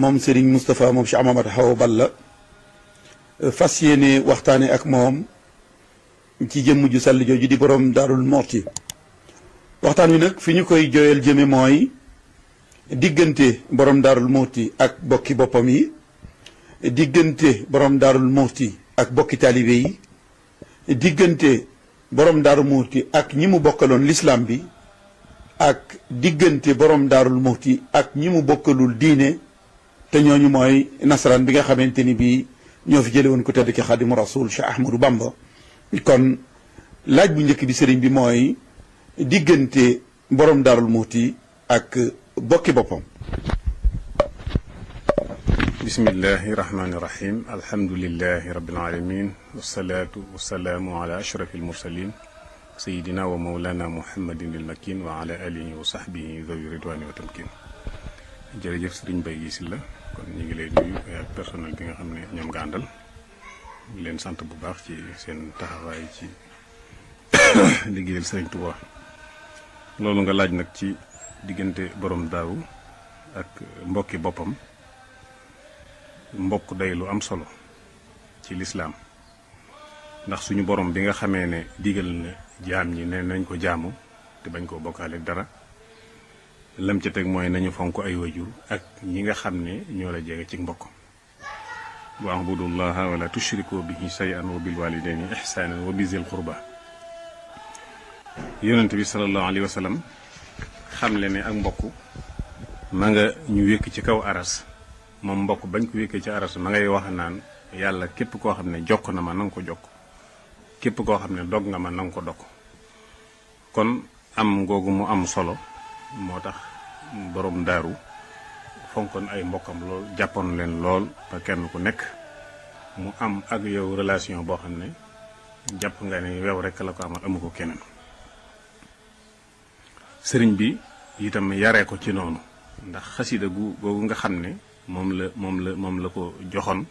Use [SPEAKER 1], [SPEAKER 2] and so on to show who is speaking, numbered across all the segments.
[SPEAKER 1] mom Serigne Moustapha moom Cheikh Mamadou Awa Balla fas yéene waxtaane ak moom ci jëmm ju sell jooju di borom Daarul Muxti waxtaan wi nag koy jooyal jëme mooy diggante borom Daarul Muxti ak bokki boppam yi diggante borom Daarul Muxti ak bokki taalibe yi diggante borom Daarul Muxti ak ñimu mu bokkaloon bi ak digënté borom darul Muxti ak ñimu mu bokkalul diine te ñooñu mooy nasaraan bi nga xamante ni bii ñoo fi jële woon ko tedd ki xaadimu rasul Cheikh Ahmadou Bamba kon laaj bu njëkk bi sëriñ bi mooy diggante borom daarul muuti ak bokki boppam
[SPEAKER 2] bismillahi rahmaani rahim alhamdulilahi rabbil alamin wasalaatu wasalaamu ala ashrafi almursalin sayidina wa maulana muhammadin ilmakin wa ala alihi wa sahbihi dawi ridwani wa tamkin jërëjëf sëriñ Bay Gey Sylla kon ñu ngi lay nuyu ak eh, personnel bi nga xam ne ñoom nga àndal leen sant bu baax ci seen taxawaay ci liggéeyal sëriñ Touba loolu nga laaj nag ci diggante boroom daaw ak mbokki boppam mbokk day lu am solo ci lislaam ndax suñu borom bi nga xamee ne digal na jaam ñi ne nañ ko jaamu te bañ koo bokkaale dara lam ca teg mooy nañu fonk ay wajur ak ñi nga xam ne ñoo la jege ci mbokk wa abudullaha wala tushriku bihi shay'an wa bil walidayni ihsanan wa bizil qurba yonent bi sallallahu alayhi wa sallam xamle ne ak mbokk ma nga ñu wékk ci kaw aras moom mbokk bañ ko wékkee ci aras ma ngay wax naan yàlla képp koo xam ne jokk na ma na nga ko jokk képp koo xam ne dog nga ma na ko dog kon am googu mu am solo moo tax borom daaru fonkoon ay mbokkam lool jàppoon leen lool ba kenn ku nekk mu am ak yow relation boo xam ne jàpp nga ne yow rek la ko amal amu ko keneen sëriñ bi itam yaree ko ci noonu ndax xasida gu googu nga xam ne moom la moom la moom la ko joxoon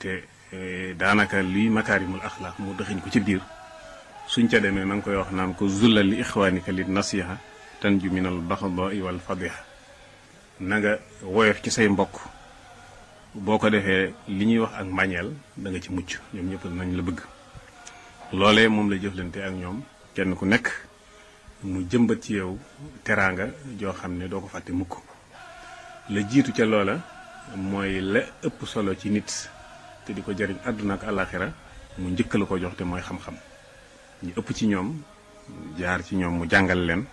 [SPEAKER 2] te e, daanaka liy makaarimul axlaaq mu dëxiñ ko ci biir suñ ca demee ma ngi koy wax naan ko zullal li ixwaanika li nasiha tanju minal baxdaai wal fadiha na nanga woyof ci say mbokk boo ko defee li ñuy wax ak mbañeel danga ci mucc ñoom ñëpp nañ la bëgg loolee moom la jëflantee ak ñoom kenn ku nekk mu jëmbat ci yow teraanga joo xam ne doo ko fàtte mukk la jiitu ca loola mooy la ëpp solo ci nit te di ko jariñ àdduna ak àllaaxira mu njëkk la ko jox te mooy xam-xam ñu ëpp ci ñoom jaar ci ñoom mu jàngal leen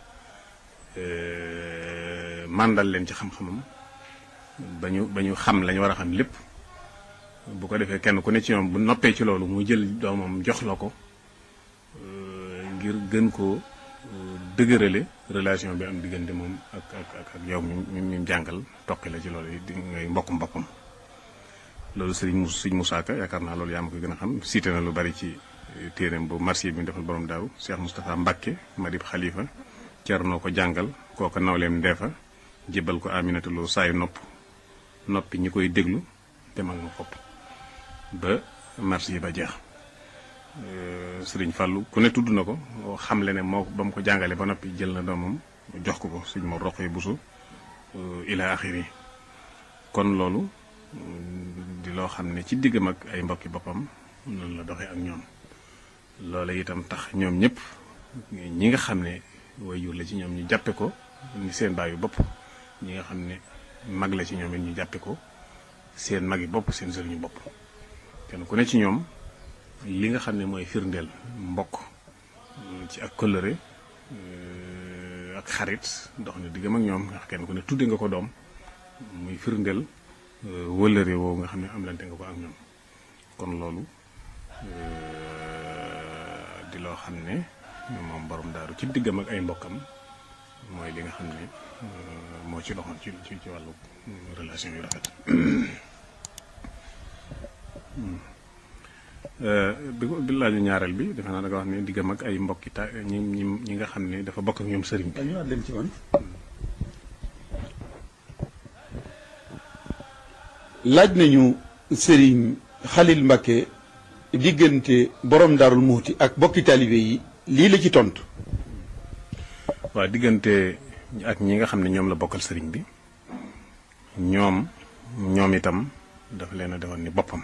[SPEAKER 2] Euh, mandal leen ci xam-xamam bañu ham xam la ñu war a xam lépp bu ko defee kenn ku ne ci ñoom bu noppee ci loolu mu jël doomam jox la ko euh, ngir gën koo euh, dëgërale relation bi am diggante moom ak ak ak ak yow mi mi jàngal toqi la ci loolu di ngay mbokkum boppam loolu sëriñ sëñ Moussa Ka yaakaar naa loolu yaa ma ko gën a xam cité na lu bari ci téeréem bu marché bi mu defal borom daaw Cheikh Moustapha Mbacke Madib Khalifa Cerno ko jàngal kooka nawlem defa jibal ko aminatul Lo saay nopp noppi ñi koy déglu demal na kopp ba marsi ba jeex euh, serigne fallu ku ne tuddu nako xam lene mo bam ko jàngale ba nopi jël na doomam jox ko ko serigne ma roq busu euh ila akhiri, kon lolu euh, di lo xamne ci diggam mak ay mbokki bopam non la doxé ak ñom lolé itam tax ñom ñëpp ñi nga xam way jur la ci ñoom ñu jàppe ko ni seen baayu bopp ñi nga xam ne mag la ci ñoom it ñu jàppe ko seen mag yi bopp seen sëriñu bopp kenn ku ne ci ñoom li nga xam ne mooy firndeel mbokk ci ak kóllëre euh, ak xarit ndox na diggam ak ñoom kenn ku ne tudde nga ko doom muy firndeel
[SPEAKER 1] euh, wëllëre woowu nga xam ne amlante
[SPEAKER 2] nga ko ak ñoom kon loolu euh, di loo xam ne moom boroom daaru ci diggam ak ay mbokkam mooy li nga xam ne euh, moo ci doxoon ci ci ci wàllu euh, relation yu rafet bi euh, ko bi laaju ñaareel bi defe naa da wax ne diggam ak ay mbokki ta ñi nga xam ne dafa bokk ak ñoom sëriñ leen ci man
[SPEAKER 1] laaj nañu sëriñ Xalil Mbakke diggante boroom daarul muuti ak bokki taalibe yi lii la ci tontu.
[SPEAKER 2] waa diggante ak ñi nga xam ne ñoom la bokkal sëriñ bi ñoom ñoom itam dafa leen a defoon ni boppam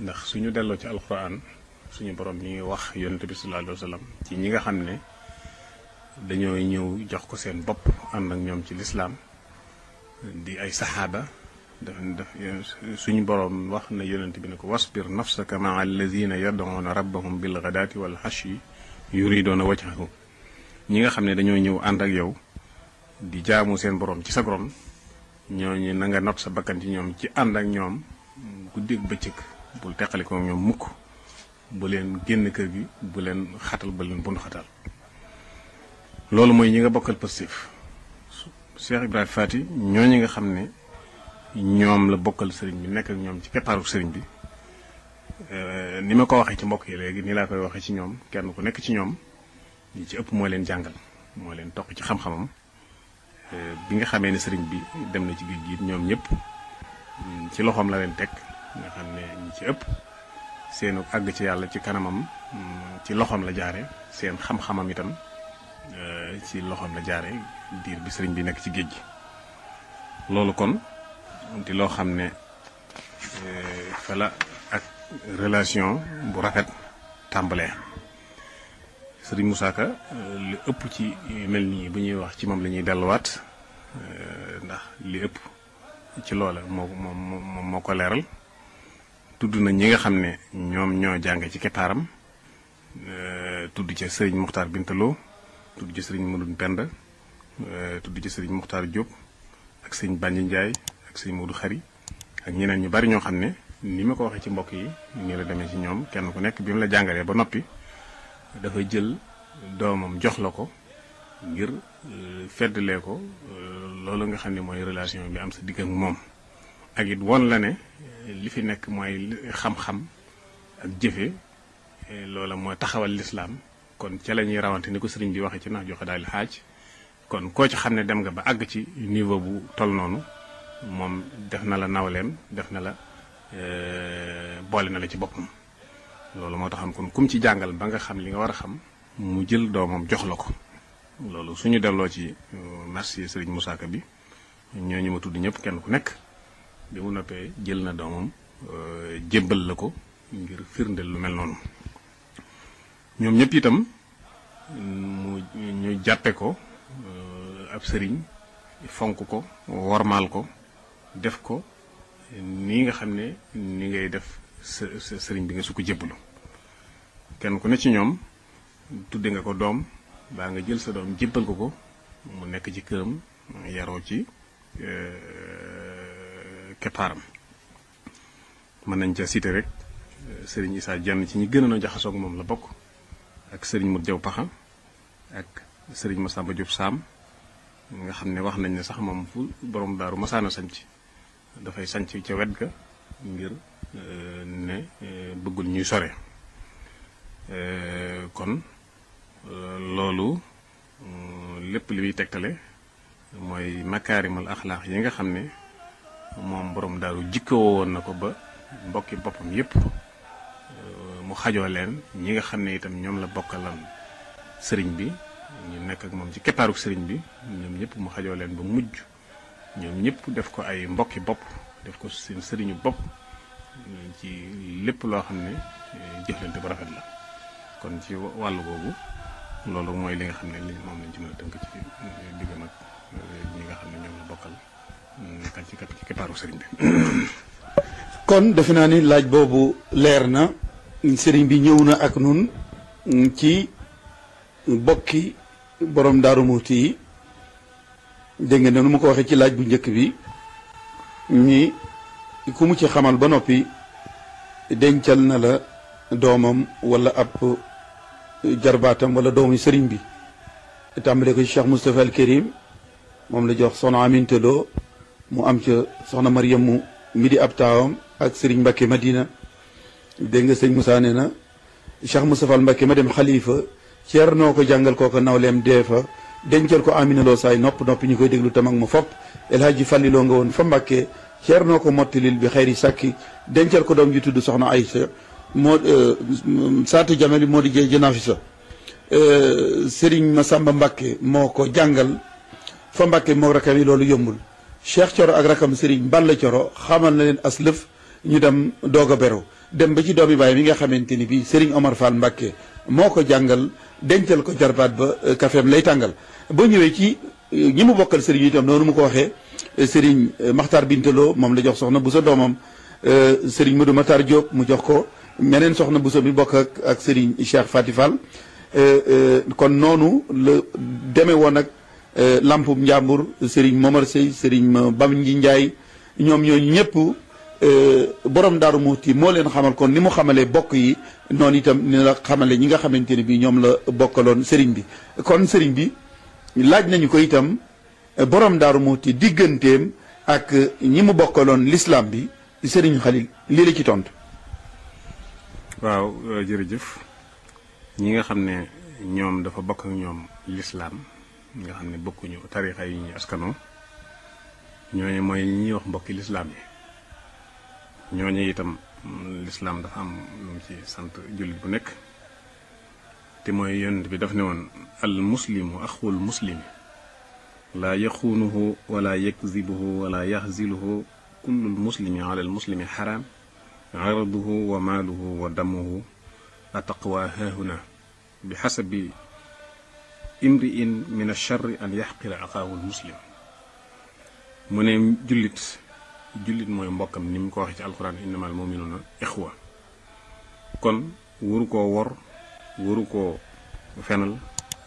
[SPEAKER 2] ndax suñu delloo ci alxuraan suñu borom mi ngi wax yonent bi sallallahu ci ñi nga xam ne dañoo ñëw jox ko seen bopp ànd ak ñoom ci lislaam di ay saxaaba daf daf suñu boroom wax na yonent bi ne ko wasbir nafsaka maa alladina yad'una rabbahum bil ghadaati wal ashi yuridoona wajhahu ñi nga xam ne dañoo ñëw ànd ak yow di jaamu seen boroom ci sa gorom ñooñu na nga not sa bakkan ci ñoom ci ànd ak ñoom guddeeg bëccëg bul teqali ko ñoom mukk bu leen génn kër gi bu leen xatal bu leen bund xatal loolu mooy ñi nga bokkal positif Cheikh Ibrahima Fati ñooñu nga xam ne ñoom la bokkal sëriñ bi nekk ak ñoom ci keppaaru sëriñ bi euh, ni ma ko waxee ci mbokk yi léegi nii laa koy waxee ci ñoom kenn ku nekk ci ñoom ñi ci ëpp moo leen jàngal moo leen toq ci xam-xamam euh, bi nga xamee ni sëriñ bi dem na ci géej gi ñoom ñëpp mm, ci loxoom la leen teg nga xam ne ñi ci ëpp seenu àgg ci yàlla ci kanamam mm, ci loxoom la jaare seen xam-xamam itam euh, ci loxoom la jaare diir bi sëriñ bi nekk ci géej gi loolu kon di lo xamne ne eh, fala ak relation bu rafet tambalé sëriñ Moussa Ka eh, li ëpp ci melni bu ñuy wax ci moom la ñuy euh ndax li ëpp ci loolu ko na ñi nga xamne ne ñoom ñoo jàng ci tudu tuddu ci sëriñ tudu Bintalo tuddu ci sëriñ Mudun Penda tuddu ci sëriñ Mukhtar Diop ak sëriñ ak sëñ Modou Khary ak ñeneen ñu bari ñoo xam ne ni ma ko waxee ci mbokk yi ñu la demee ci ñoom kenn ku nekk bi mu la jàngalee ba noppi dafa jël doomam jox la ko ngir euh, feddalee ko euh, loolu nga xam ne mooy relation bi am sa digg ak moom ak won la ne euh, li fi nekk mooy xam-xam ak jëfe loola mooy taxawal lislaam kon ca la ñuy rawante ni ko sëriñ bi waxee ci nax joxe daal xaaj kon koo ci xam ne dem nga ba àgg ci niveau bu toll noonu moom def na la nawleem def na la euh, boole na la ci boppam loolu moo taxam kon kum ci jàngal ba nga xam li nga war a xam mu jël doomam jox la ko loolu suñu delloo ci euh, merci Serigne Moussa bi ñooñu ma tudd ñëpp kenn ku nekk bi mu noppee jël na doomam euh, jébbal la ko ngir firndeel lu mel noonu ñoom ñëpp itam mu ñu jàppe ko ab sëriñ fonk ko wormaal ko def ko nii nga xam ne ni ngay def sa sëriñ bi nga su ko jébbalu kenn ku ne ci ñoom tudde nga ko doom baa nga jël sa doom jébbal ko ko mu nekk ci këram yaroo ci euh, keppaaram mën nañ ca cité rek euh, sëriñ Issa Diène ci ñi gënoon a jaxasoog moom la bokk ak sëriñ Modou jaw Paxa ak sëriñ Massamba Diop Sam nga xam ne wax nañ ne sax moom fu borom daaru masaana sañ ci dafay sanc ca wet ga ngir euh, ne euh, bëggul ñuy sore euh, kon loolu lépp li muy tegtale mooy makaarimal axlaax yi nga xam ne moom borom daaru jikkoo woon na ko ba mbokki boppam yépp mu xajoo leen ñi nga xam ne itam ñoom la bokkalan sëriñ bi ñu nekk ak moom ci keppaaruk sëriñ bi ñoom ñëpp mu xajoo leen ba mujj ñom ñëpp def ko ay mbokki bop def ko seen sëriñu bop ci lepp lo xamne ne eh, jëflante bu rafet la kon ci walu gogu lolu moy li nga xamne li mom lañ ci mëna tënk ci eh, digg nak eh, ñi nga xamne ne la bokkal kan ci kat ci képaru serigne
[SPEAKER 1] kon def na ni laaj bobu leer na serigne bi ñëw na ak nun mm, ci bokki borom daru muti dégg nga lu ma ko waxee ci laaj bu njëkk bi ñi ku mu ci xamal ba noppi dencal na la doomam wala ab jarbaatam wala doomu sëriñ bi tàmbale ko ci Cheikh Moustapha al moom la jox soxna Aminte Lo mu am ca soxna Mariam mu mi di ab taawam ak sëriñ Mbacke Madina dégg nga sëñ Moussa nee na Cheikh Moustapha al Mbacke ma dem xalifa ceer noo ko jàngal kooka nawleem dee fa dencal ko Amina Lo saay nopp noppi ñu koy déglu tam ak mu fopp El Hadji Falliloo nga woon fa Mbàkke ceer noo ko mottilil bi xeer xayri sàkki dencal ko doom ji tudd soxna Aysa moo euh, saatu jamel moo di jee jënaafi sa euh, Sëriñ Masamba moo ko jàngal fa Mbàkke moo rakkam yi loolu yombul Cheikh Coro ak rakam Sëriñ Balla Coro xamal na leen aslëf ñu dem doog a beru dem ba ci doom doomi baay mi nga xamante ni bii Sëriñ Omar Fall Mbàkke moo ko jàngal dencal ko jarbaat ba euh, kafeem lay tàngal boo ñëwee ci euh, ñi mu bokkal sëriñ itam noonu mu ko waxee euh, sëriñ Maxtaar Bintaloo moom la jox soxna bu sa doomam sëriñ Modou Matar Diop mu jox ko meneen soxna bu sa bi bokk ak ak sëriñ Cheikh Fati Fall kon noonu la demee woon ak Lampu Njàmbur sëriñ Momar Sey sëriñ Bam Nji Njaay ñoom ñooñu ñëpp Euh, borom daaru muuti moo leen xamal kon ni mu xamalee bokk yi noonu itam ni la xamale ñi nga xamante ne bii ñoom la bokkaloon sëriñ bi kon sëriñ bi laaj nañu ko itam euh, borom daaru muuti digganteem ak euh, ñi mu bokkaloon lislaam bi sëriñ Xalil lii la ci tontu.
[SPEAKER 2] waaw jërëjëf ñi nga xam ne ñoom dafa bokk ñoom lislaam ñi nga xam ne bokkuñu tarixa yi ñu askanoo ñooñu mooy ñi ñuy wax mbokki lislaam yi ñooñu itam lislaam dafa am lu ci sant jullit bu nekk te mooy yonent bi daf ne woon al muslimu axul muslimi laa yaxuunuhu wala yakzibuhu wala yaxziluhu kullu muslimi ala al muslimi xaraam araduhu wa maaluhu wa damuhu ataqwa hahuna bi xasabi imri'in min alcharri an yaxqira axaahu al muslim mu ne jullit julit mooy mbokkam ni mu ko waxee ci alquran innamal muminuna ixwa kon wuru koo wor wuru koo fenal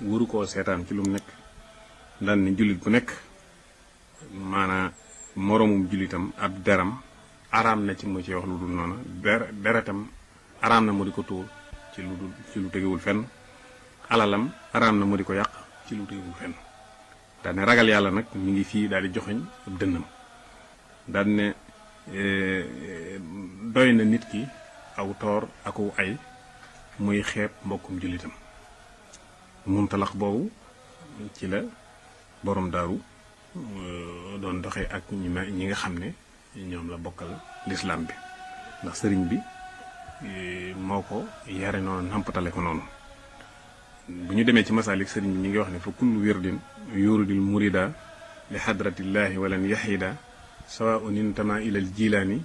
[SPEAKER 2] wuru koo seetaan ci lum mu nekk daan ne bu nekk maanaa moromum julitam ab deram araam na ci mu ci wax lu dul noona der araam na mu di ko tuur ci lu ci lu tegewul fenn alalam araam na mu di ko yàq ci lu tegewul fenn daane ragal yàlla nag mi ngi fii daal di joxeñ ab dënnam daan ne eh, eh, doy na nit ki aw toor aku ay muy xeeb mbokkum jullitam muntalax boobu ci la boroom daaru eh, doon doxee ak ñi ñi nga xam ne ñoom la bokkal lislaam bi ndax sëriñ bi moo ko yare noonu nampatale ko noonu bu ñu demee ci masaalik sëriñ bi ñu ngi wax ne fa kullu wirdin yuridil murida li xadratillahi walan yaxida سواء ينتمى الى الجيلاني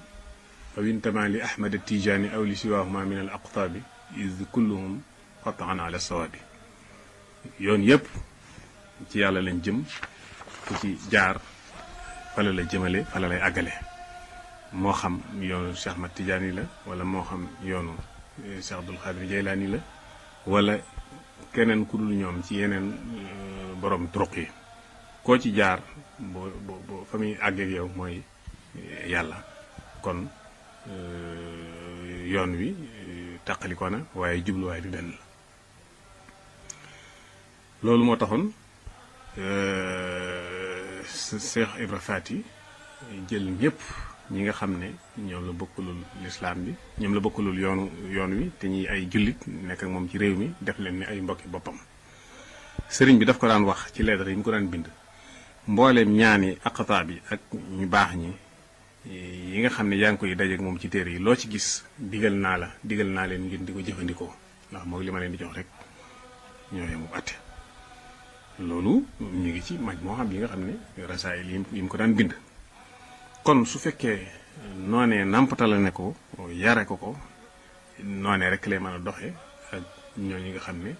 [SPEAKER 2] او ينتمى لاحمد التيجاني او لسواهما من الاقطاب اذ كلهم قطعا على الصواب يون يب تي لنجم لا تي جار فلا لا جمالي فلا لا اغالي مو يون شيخ احمد تيجاني لا ولا موخم خم يون شيخ عبد القادر جيلاني لا ولا كنن كل يوم تي يينن بروم طرق koo ci jaar bo bo bo fa muy àggeeg yow mooy yàlla kon euh, yoon wi euh, tàqalikoo na waaye jubluwaay bi benn la mo moo taxoon euh, cheikh ibra fati jël ñëpp ñi nga xam ne ñoom la bokkulul lislaam bi ñoom la bokkulul yoonu yoon wi te ñi ay jullit nekk ak moom ci réew mi def leen ni ay mbokki boppam sëriñ bi daf ko daan wax ci leetar yi mu ko daan bind mbooleem ñaani aqtaab bi ak ñu baax ñi yi nga xam ne yaa ngi koy dajeek moom ci téere yi loo ci gis diggal naa la diggal naa leen ngeen di ko jëfandikoo ndax moo li ma leen di jox rek ñoo yem ngi ci maj moo yi nga xam ne rasaayil yi mu ko daan bind kon su fekkee noonee nàmpatale ne ko yare ko ko noonee rek lay mën a doxe ak ñoo ñi nga xam ne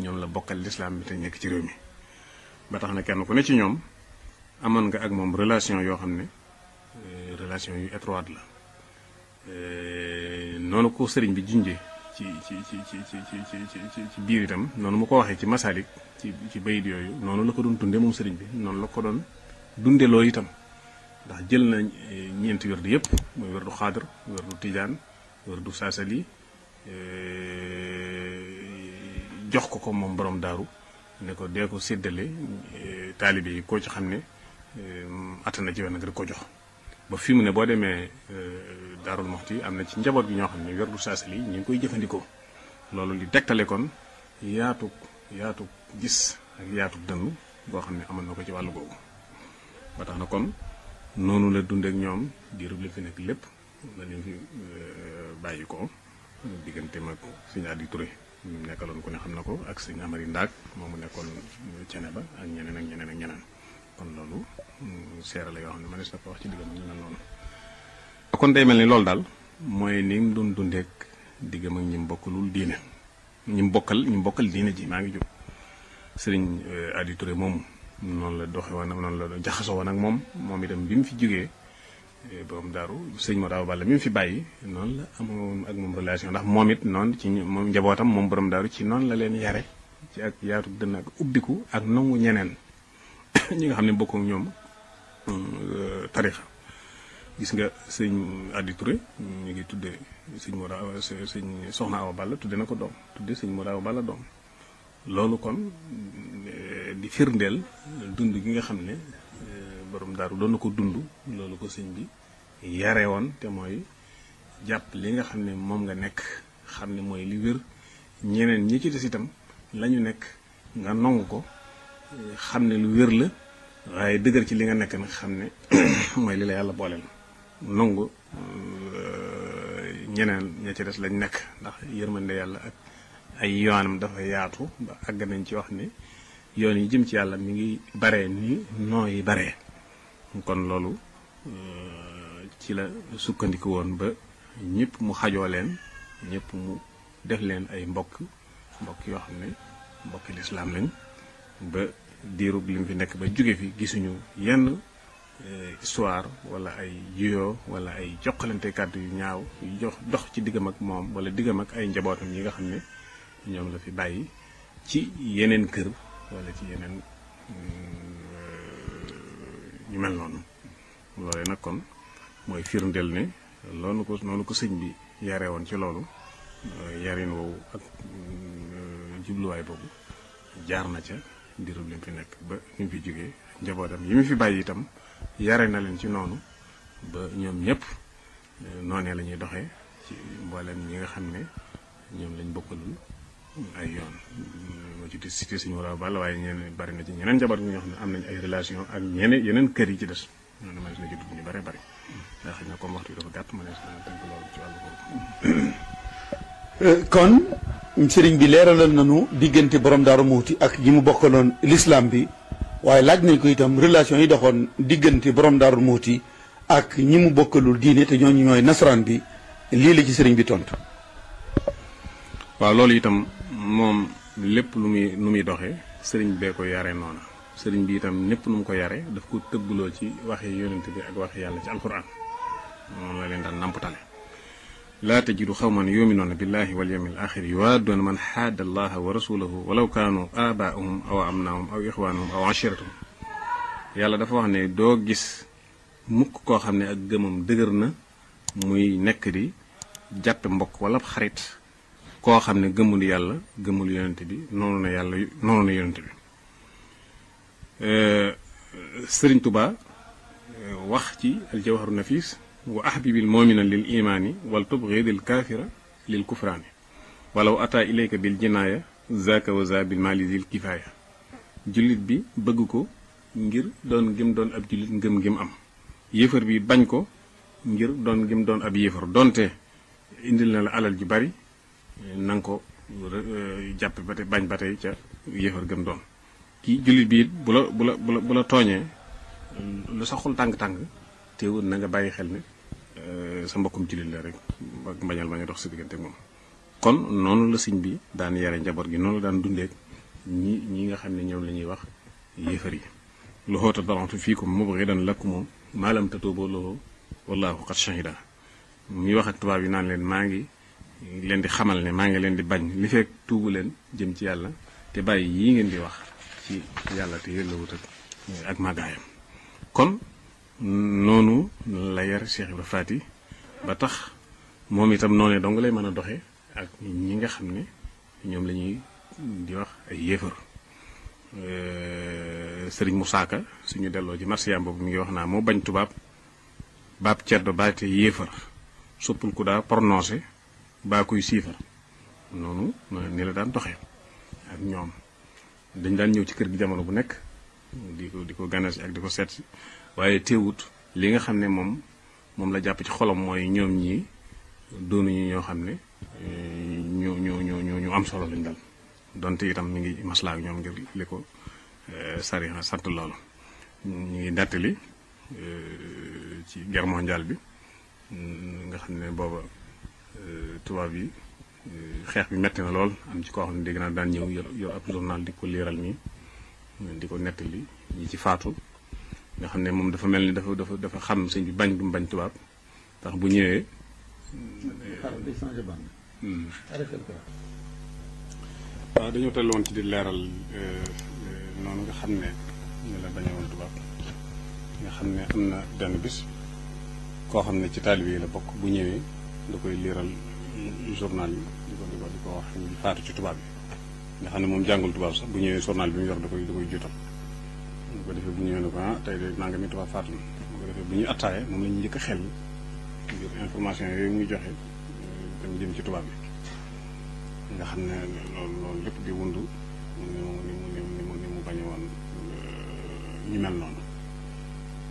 [SPEAKER 2] ñoom la bokkal lislaam bi te nekk ci réew mi ba tax na kenn ku ne ci ñoom amoon nga ak moom relation yoo xam ne relation yu étroite la noonu ko sëriñ bi junje ci ci ci ci ci ci ci ci biir itam noonu mu ko waxee ci masaalik ci ci bayit yooyu noonu la ko doon dunde moom sëriñ bi noonu la ko doon dunde loo itam ndax jël na ñeenti wérdu yëpp muy wérdu xaadar wérdu tijaan wérdu saasali jox ko ko moom borom daaru ne ko dee ko séddale taalibe yi ko ci xam ne Euh, atte na ci wér nag rek ko jox ba fi mu ne boo demee euh, Daarul Moxti am na ci njaboot gi ñoo xam ne werdu saasali ñu ngi koy jëfandikoo loolu li tegtale kon yaatug yaatug gis ak yaatug dënnu boo xam ne amal na ko ci wàllu googu ba tax na kon noonu la dundeek ñoom di rub li fi nekk lépp la leen fi euh, bàyyi ko diggante mag sëñ Adi Touré ñu nekkaloon ko ne xam na ko ak sëñ Amari Ndaak moom mu nekkoon cene ba ak ñeneen ak ñeneen ak ñeneen kon loolu mm, seera la yoo xam ne manes na ko wax ci diggam ñu mel kon day mel ni loolu daal mooy ni mu doon dundeeg diggam ak ñim bokkalul diine ñim bokkal ñim bokkal diine ji maa ngi jóg sëriñ euh, Adi Touré moom noonu la doxe woon noonu la jaxasoo woon ak moom moom itam bi mu fi jógee euh, borom daaru sëñ Modou Balla mi mu fi bàyyi noonu la amoon ak moom relation ndax moom it ci moom njabootam moom borom daaru ci noonu la leen yare ci ak yaatu dënn ak ubbiku ak nangu ñeneen ñi nga xam ne ñom euh tarikha gis nga sëñ adi touré ñi ngi tuddé sëñ mora sëñ soxna awa balla tuddé nako dom tuddé tudde mora awa balla dom, lolu kon euh, di firndel dund gi nga xamne euh, borom daru doon na ko dund lolu ko sëñ bi yaré won té moy japp li nga xamne mom nga nek xamne moy li wër ñeneen ñi ci dess itam lañu nek nga nong ko xam ne lu wér la waaye dëgër ci li nga nekk nag xam ne mooy li la yàlla booleel nangu euh, ñeneen ña ci des lañ nekk ndax yërmande yàlla ak ay yoonam dafa yaatu ba àgg nañ ci wax ne yoon yi jëm ci yàlla mu ngi baree ni noo yi baree kon loolu euh, ci la sukkandiku woon ba ñëpp mu xajoo leen ñëpp mu def leen ay mbokk mbokk yoo xam ne mbokki lislaam lañ ba bi lim fi nekk ba jóge fi gisuñu yenn eh, histoire walla ay juyoo wala ay joxalante kàddu yu ñaaw yu dox ci diggam ak moom wala diggam ak ay njabootam yi nga xam ne ñoom la fi bàyyi ci yeneen kër wala ci yeneen ñu mm, mel noonu loole nag kon mooy firndeel ne loolu ko noonu ko sëñ bi yare woon ci loolu eh, yarin woowu ak mm, jubluwaay boobu jaar na ca diirum lim fi nekk ba ñu fi jógee njabootam yi mu fi bàyyi itam yare na leen ci noonu ba ñoom ñëpp eh, noonee la ñuy doxee ci mboolem ñi nga xam ne ñoom lañ bokkalul ay yoon moo ci di cité suñu wala ball waaye ñeneen bari na ci ñeneen njaboot ñi nga xam ne am nañ ay relation ak ñeneen yeneen kër yi ci des noonu mënees na ci dugg ñu bare bari ndax xëy na comme waxtu bi dafa gàtt mënees na tënk loolu ci
[SPEAKER 1] wàllu boobu euh, kon sëriñ bi leeralal nañu diggante borom daaru muuti ak ñi mu bokkaloon lislaam bi waaye laaj nañ ko itam relation yi doxoon diggante borom daaru muuti ak ñi mu bokkalul diine te ñooñu ñooy nasaraan bi lii la ci sëriñ bi tontu.
[SPEAKER 2] waaw loolu itam moom lépp lu muy nu muy doxe sëriñ bee ko yare noona sëriñ bi itam népp nu mu ko yare daf ko tëbbaloo ci waxi yonent bi ak waxi yàlla ci alxuraan moom la leen daan namputale لا تجد خوما يؤمنون بالله واليوم الآخر يوادون من حاد الله ورسوله ولو كانوا آباؤهم أو أمناهم أو إخوانهم أو عشيرتهم يالا دفع واخني دو غيس موك كو خامني اك گمم دغرنا موي نيك دي جاب مبوك ولا خريت كو خامني گمول يالا گمول يونت بي نونو نا يالا نونو نا يونت بي ا سيرن توبا واخ تي الجوهر نفيس وأحبب المؤمن للإيمان ولتبغض الكافر للكفران walaw ata ilayka bil jinaaya zaka wa za bil mali dil kifaaya jullit bi bëgg ko ngir doon gëm doon ab jullit ngëm ngëm am yéefar bi bañ ko ngir doon gëm doon ab yéefar donte indil na la alal ju bari nang ko jàpp ba tey bañ ba tey ca yéefar gëm doon kii jullit bi it bu la bu la bu la tooñee lu sa xol tàng tàng teewul na nga bàyyi xel ne Euh, sa mbokkum jullit la rek ak mbañal ma a dox sa diggante ak moom kon noonu la siñ bi daan yare njaboot gi noonu la daan dundeek ñi ñi nga xam ne ñoom la ñuy wax yéefar yi lu xoota dalantu fii ko mubghidan lakum ma lam tatubu lahu wallahu qad shahida muy wax ak tubaab yi naan leen maa ngi leen di xamal ne maa ngi leen di bañ li fekk tuubu leen jëm ci yàlla te bàyyi yii ngeen di wax ci yàlla te yëllawut ak màggaayam kon nonu la yar cheikh ibrahim momi ba tax mom itam noonee dong lay mëna doxé ak ñi nga xamné ñom lañuy di wax ay euh serigne Moussa Ka suñu delloo ci marsiyaam boobu mi ngi wax na mo bañ tubaab baab ceddo baate yéefar suppul ku daa prononcer ba kuy siifar nonu ni la daan doxé ak ñom dañ daan ñëw ci kër gi jamono bu nek di ko di ganas ak diko set waaye teewut li nga xam ne moom moom la jàpp ci xolam mooy ñoom ñii doonuñu ñoo xam ne ñu ñu ñu ñu am solo lañ dal donte itam mi ngi maslaa ñoom ngir li ko eh, sariha sant loolu ñu ngi dattali eh, ci guerre mondiale bi mm, nga xam ne booba eh, tubaab yi xeex bi metti na lool am ci koo xam ne dégg naa daan ñëw yor ab journal di ko liiral nii di ko nettali ñi ci faatu nga xam ne moom dafa mel ni dafa dafa dafa xam sëñ bi bañ bu mu bañ tubaab ndax bu ñëwee. waaw dañoo telloon ci di leeral euh, noonu nga xam ne ñu la bañoon tubaab nga xam ne am na benn bis koo xam ne ci taalibe bi la bokk bu ñëwee da koy liiral journal yi di ko di ci tubaab yi nga xam ne moom jàngul tubaab sax bu ñëwee journal bi mu yor da koy da koy jutal bu ko defee bu ñëwee ne ko ah tey de nangami tubaab faat na bu ko defee bu ñu attaayee moom la ñu njëkk a xel ngir information yooyu muy joxe euh, dem jëm ci tubaab bi nga xam ne loolu loolu lépp di wundu ni mu ni mu ni mu ni mu bañ woon euh, ñu mel noonu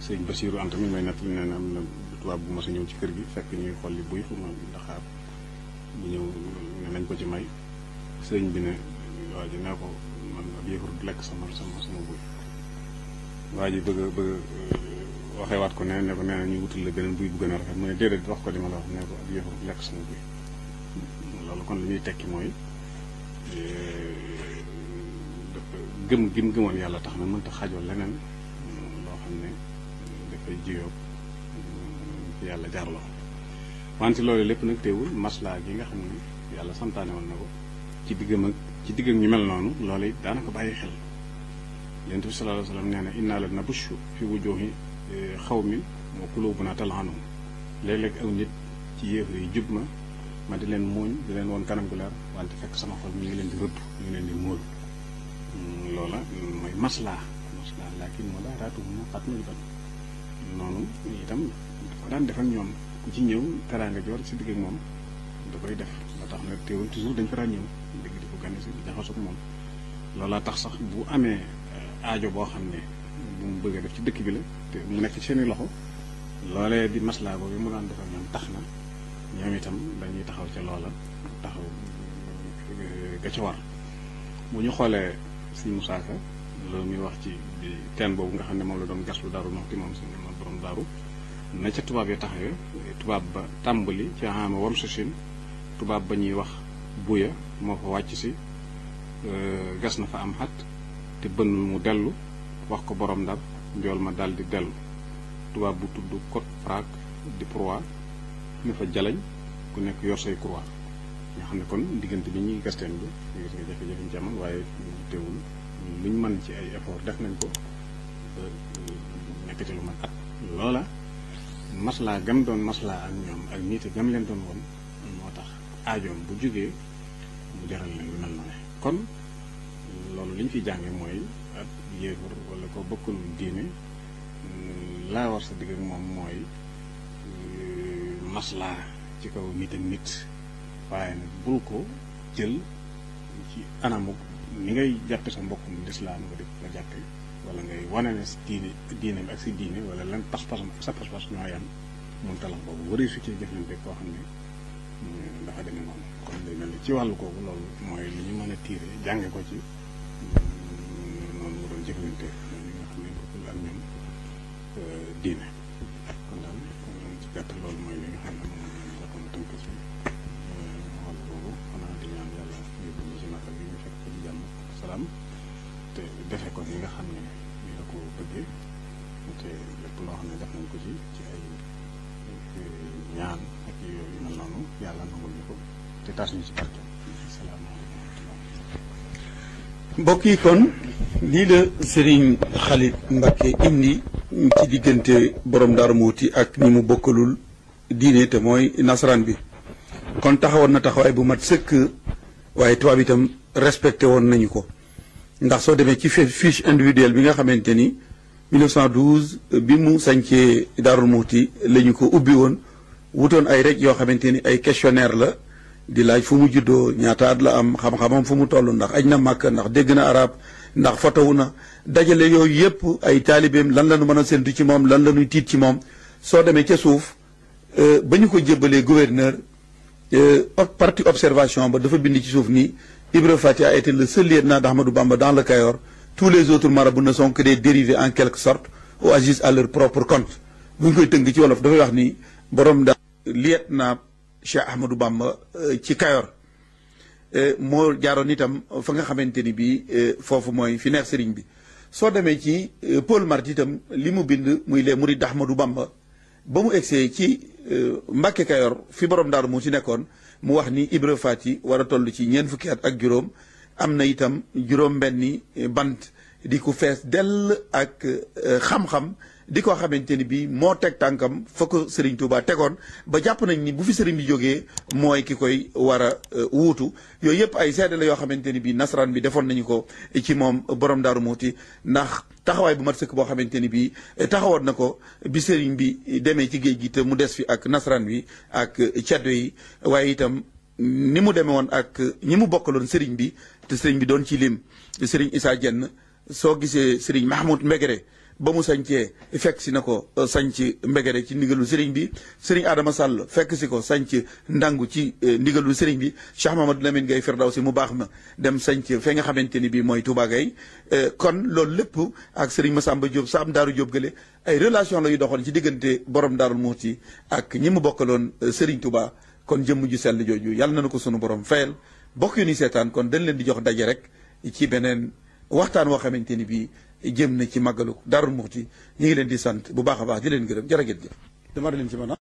[SPEAKER 2] sëñ Basiiru Anta mi may nettali ne am na tubaab bu mos a ñëw ci kër gi fekk ñuy xolli buy fu ma ndaxaar bu ñëw ne nañ ko ci may sëñ bi ne waa ji ne ko man ab yëfur lekk sama sama sama buy waa ji bëgg bëgg euh, waxee waat ko ne ne ko nee ñu wutal la beneen buy bu gën a mooy mu ne déedéet wax ko li ma la wax ne ko ak yëfu lekk sama buy kon li ñuy tekki mooy euh, gëm gi gëmoon yàlla tax na mënta xajoo leneen loo xam ne dafay jiyoo euh, yàlla jaar la wante loolu lépp nag teewul maslaa gi nga xam ne yàlla santaane woon na ko ci diggam ci diggam ñu mel noonu loolu it daanaka bàyyi xel yonent bi sallallahu alayhi wa sallam nee na inna la nabushu fi wujuhi xawmin eh, wa qulubuna tal'anuhum léeg-léeg aw nit ci yéefar yi jub ma ma di leen muuñ di leen woon kanam gu leer wante fekk sama xol mi ngi leen di rëbb mi ngi leen di móol hmm, loola mooy maslaa maslaa laakin moo laa raatuhum moo xat muy ban noonu itam dafa daan def ak ñoom ku ci ñëw teraanga joor si digg ak moom da koy def ba tax na teewul toujours dañ fa daan ñëw dégg di ko gane si jaxasoo ak moom loolaa tax sax bu amee aajo boo xam ne bu mu bëgg def ci dëkk bi la te mu nekk ci seen i loxo loolee di maslaa boobu mu daan defal ñoom tax na ñoom itam dañuy taxaw ci loola taxaw euh, ga ca war bu ñu xoolee si Moussa Ka loolu muy wax ci bi teen boobu nga xam ne moom la doon gaslu daru nox ki moom si moom borom daru na ca tubaab ya taxawee tubaab ba tàmbali ci ama waru sa Chine tubaab ba ñuy wax buya moo fa wàcc si euh, gas na fa am xat te bënul mu dellu wax ko borom ndar njool ma daldi dellu tuba bu tudd code frac di proa ne fa jalañ ku nekk yor say croa nga xam ne kon diggante bi ñuy gasteen bi gis nga jafe-jafe ñu ci amoon teewul luñ man ci ay effort def nañ ko nekk ci lu man at loola masla gam doon masla ak ñoom ak niite gam leen doon woon moo tax bu mu jaral leen lu mel kon li fi fiy jànge mooy ab yéefar wala ko bokkul diine laa war sa digg moom mooy euh, maslaa ci kaw nit ak nit waaye bul ko jël ci anamu ni ngay jàppe sa mbokkum lislaam nga di nga jàppe wala ngay wane ne si diine diine ak si diine wala lan pas-pasam sa pas-pas ñoo yam mun talam boobu waree su ci jëflante koo xam ne euh, dafa demee noonu kon day mel ni ci wàll kooku loolu mooy li ñu mën a tiire jànge ko ci jëflante ñoom ñi nga xam ne bokkul ak ñun euh, diine kon daal euh, ci gàttal loolu mooy li nga xam ne moom la ñu jàppoon tënk si euh, wàll boobu xanaa di ñaan ko ci jàmm salaam te defe ko yi nga xam ne ñu la ko bëggee te lépp loo xam ne def nañ ko ci ci ay ñaan ak yooyu mel noonu yàlla nangul ñu ko te tas ñu ci barke
[SPEAKER 1] mbokk yi kon lii la sëriñ Khalid Mbacké indi ci diggante borom Darou muuti ak ñi mu bokkalul diine te mooy nasaraan bi kon taxawoon na taxawaay bu mat sëkk waaye tubaab itam respecté woon nañu ko ndax soo demee ci fiche individuelle bi nga xamante ni 1912 bi mu sañcee Darou muuti lañu ko ubbi woon wutoon ay rek yoo xamante ni ay questionnaire la di laaj fu mu jiddo ñaataat la am xam-xamam fu mu tollu ndax ajna na màkk ndax dégg na arab ndax fotawuna dajale yoy yep ay talibem lan lañu mëna séntu ci mom lan lañu tit ci mom so démé ci souf euh bañu ko jébalé gouverneur euh parti observation ba dafa bind ci souf ni Ibra fatia était le seul lieutenant d'Ahmadou Bamba dans le Cayor tous les autres marabouts ne sont que des dérivés en quelque sorte ou agissent à leur propre compte buñ koy teung ci wolof dafa wax ni borom da lieutenant Cheikh Ahmadou Bamba ci Kayor mo jaaroon itam fa nga xamanteni bi fofu moy fi neex serigne bi so demé ci Paul Marty itam li bind muy le Mourides Ahmadou Bamba ba mu egsee ci mbacke Kayor fi borom daaru mu ci nekkoon mu wax ni Ibra fati wara tollu ci ñen fukki at ak juróom amna itam juróom-benni bant di fess del ak xam-xam di ko xamante ni bii moo teg tànkam foo ko Serigne Touba tegoon ba jàpp nañ ni bu fi Serigne bi jógee mooy ki koy war a euh, wuutu yooyu yëpp ay seede la yoo xamante ni bii nasaraan bi defoon nañu ko ci moom borom Daaru Muuti ndax taxawaay bu mat sëkk boo xamante ni bii euh, taxawoon na ko bi Serigne bi demee ci géej gi te mu des fi ak nasaraan bi ak euh, ceddo yi waaye itam ni mu demee ak ñi mu bokkaloon sëriñ bi te Serigne bi doon ci lim Serigne Issa Dieng soo gisee Serigne Mahmoud Mbegere ba mu sañcee fekk si na ko euh, sañc Mbegere ci ndigalul sëriñ bi sëriñ Adama Sall fekk si ko sañc ndangu ci euh, ndigalul sëriñ bi Cheikh Mamadou Lamine Gaye Firdawsi mu baax ma dem sañc fe nga xamante ni bii mooy Touba Gaye euh, kon loolu lépp ak sëriñ Massamba Diop Sam Daaru Diop gële ay relation la yu doxoon ci diggante borom Daarul Muuti ak ñi mu bokkaloon sëriñ tubaa kon jëmm ju sell jooju yàlla na nu ko sunu borom fayal bokk yu seetaan kon dañ leen di jox daje rek ci beneen waxtaan woo xamante ni bii jëm na ci màggalu Daaru Muxti ñu ngi leen di sant bu baax a baax di leen gërëm jërë ngeen jëf dama leen ci mën ah.